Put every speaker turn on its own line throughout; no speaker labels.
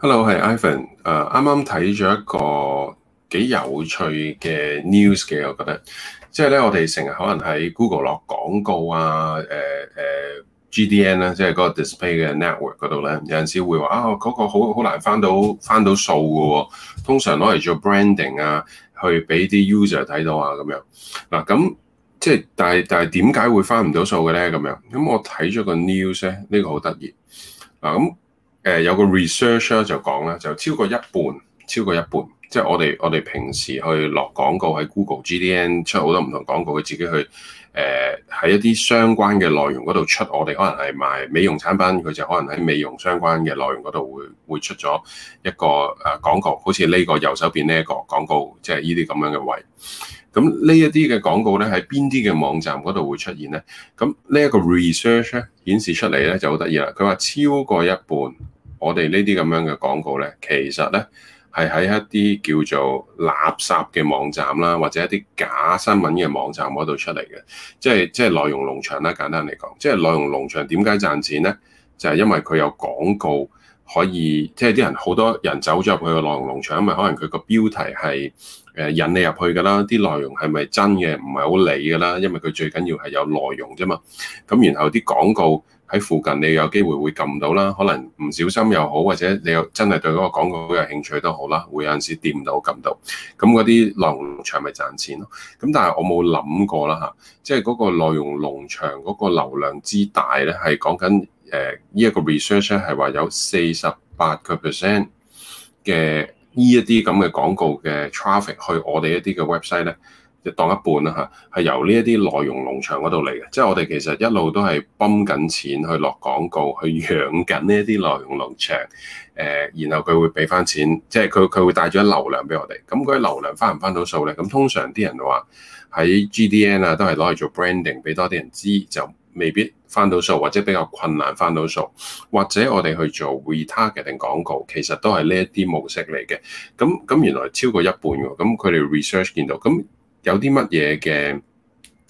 Hello，係 Ivan。誒，啱啱睇咗一個幾有趣嘅 news 嘅，我覺得，即係咧，我哋成日可能喺 Google 落廣告啊，誒誒，GDN 咧，即係嗰個 display 嘅 network 嗰度咧，有陣時會話啊，嗰、嗰個好好難翻到翻到數嘅喎、啊，通常攞嚟做 branding 啊，去俾啲 user 睇到啊咁樣。嗱、啊、咁，即係但係但係點解會翻唔到數嘅咧？咁樣，咁、嗯、我睇咗個 news 咧，呢、呢個好得意。嗱、啊、咁。嗯誒有個 research 咧就講咧，就超過一半，超過一半，即係我哋我哋平時去落廣告喺 Google、G D N 出好多唔同廣告，佢自己去誒喺一啲相關嘅內容嗰度出。我哋可能係賣美容產品，佢就可能喺美容相關嘅內容嗰度會會出咗一個誒廣告，好似呢個右手邊呢一個廣告，即係呢啲咁樣嘅位。咁呢一啲嘅廣告咧喺邊啲嘅網站嗰度會出現咧？咁呢一個 research 咧顯示出嚟咧就好得意啦。佢話超過一半。我哋呢啲咁樣嘅廣告呢，其實呢係喺一啲叫做垃圾嘅網站啦，或者一啲假新聞嘅網站嗰度出嚟嘅，即係即係內容農場啦。簡單嚟講，即係內容農場點解賺錢呢？就係因為佢有廣告可以，即係啲人好多人走咗入去個內容農場，因為可能佢個標題係引你入去㗎啦，啲內容係咪真嘅唔係好理㗎啦，因為佢最緊要係有內容啫嘛。咁然後啲廣告。喺附近你有機會會撳到啦，可能唔小心又好，或者你有真係對嗰個廣告有興趣都好啦，會有陣時掂到撳到。咁嗰啲內容農場咪賺錢咯。咁但係我冇諗過啦嚇，即係嗰個內容農場嗰個流量之大咧，係講緊誒呢一個 research 咧，係話有四十八個 percent 嘅呢一啲咁嘅廣告嘅 traffic 去我哋一啲嘅 website 咧。當一半啦、啊、嚇，係由呢一啲內容農場嗰度嚟嘅，即係我哋其實一路都係泵緊錢去落廣告，去養緊呢一啲內容農場。誒、呃，然後佢會俾翻錢，即係佢佢會帶咗流量俾我哋。咁嗰啲流量翻唔翻到數咧？咁通常啲人話喺 GDN 啊，都係攞嚟做 branding，俾多啲人知就未必翻到數，或者比較困難翻到數，或者我哋去做 retargeting 廣告，其實都係呢一啲模式嚟嘅。咁咁原來超過一半喎，咁佢哋 research 見到咁。有啲乜嘢嘅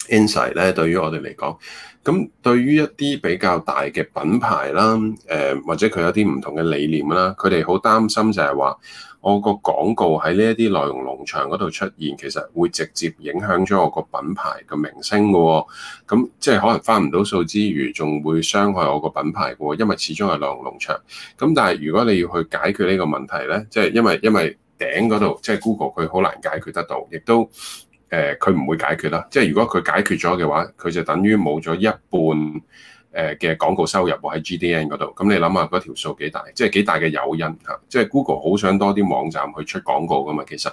insight 咧？對於我哋嚟講，咁對於一啲比較大嘅品牌啦，誒、呃、或者佢有啲唔同嘅理念啦，佢哋好擔心就係話，我個廣告喺呢一啲內容農場嗰度出現，其實會直接影響咗我個品牌嘅名聲嘅喎、哦。咁即係可能翻唔到數之餘，仲會傷害我個品牌嘅喎、哦，因為始終係內容農場。咁但係如果你要去解決呢個問題咧，即、就、係、是、因為因為頂嗰度即係、就是、Google 佢好難解決得到，亦都。誒佢唔會解決啦，即係如果佢解決咗嘅話，佢就等於冇咗一半誒嘅廣告收入喺 GDN 嗰度。咁你諗下嗰條數幾大，即係幾大嘅誘因吓。即係 Google 好想多啲網站去出廣告㗎嘛，其實。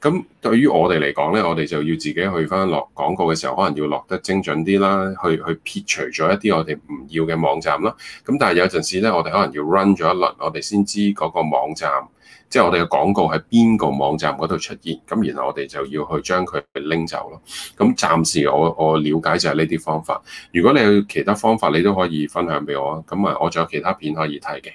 咁對於我哋嚟講咧，我哋就要自己去翻落廣告嘅時候，可能要落得精準啲啦，去去撇除咗一啲我哋唔要嘅網站啦。咁但係有陣時咧，我哋可能要 run 咗一輪，我哋先知嗰個網站。即係我哋嘅廣告喺邊個網站嗰度出現，咁然後我哋就要去將佢拎走咯。咁暫時我我了解就係呢啲方法。如果你有其他方法，你都可以分享俾我。咁啊，我仲有其他片可以睇嘅。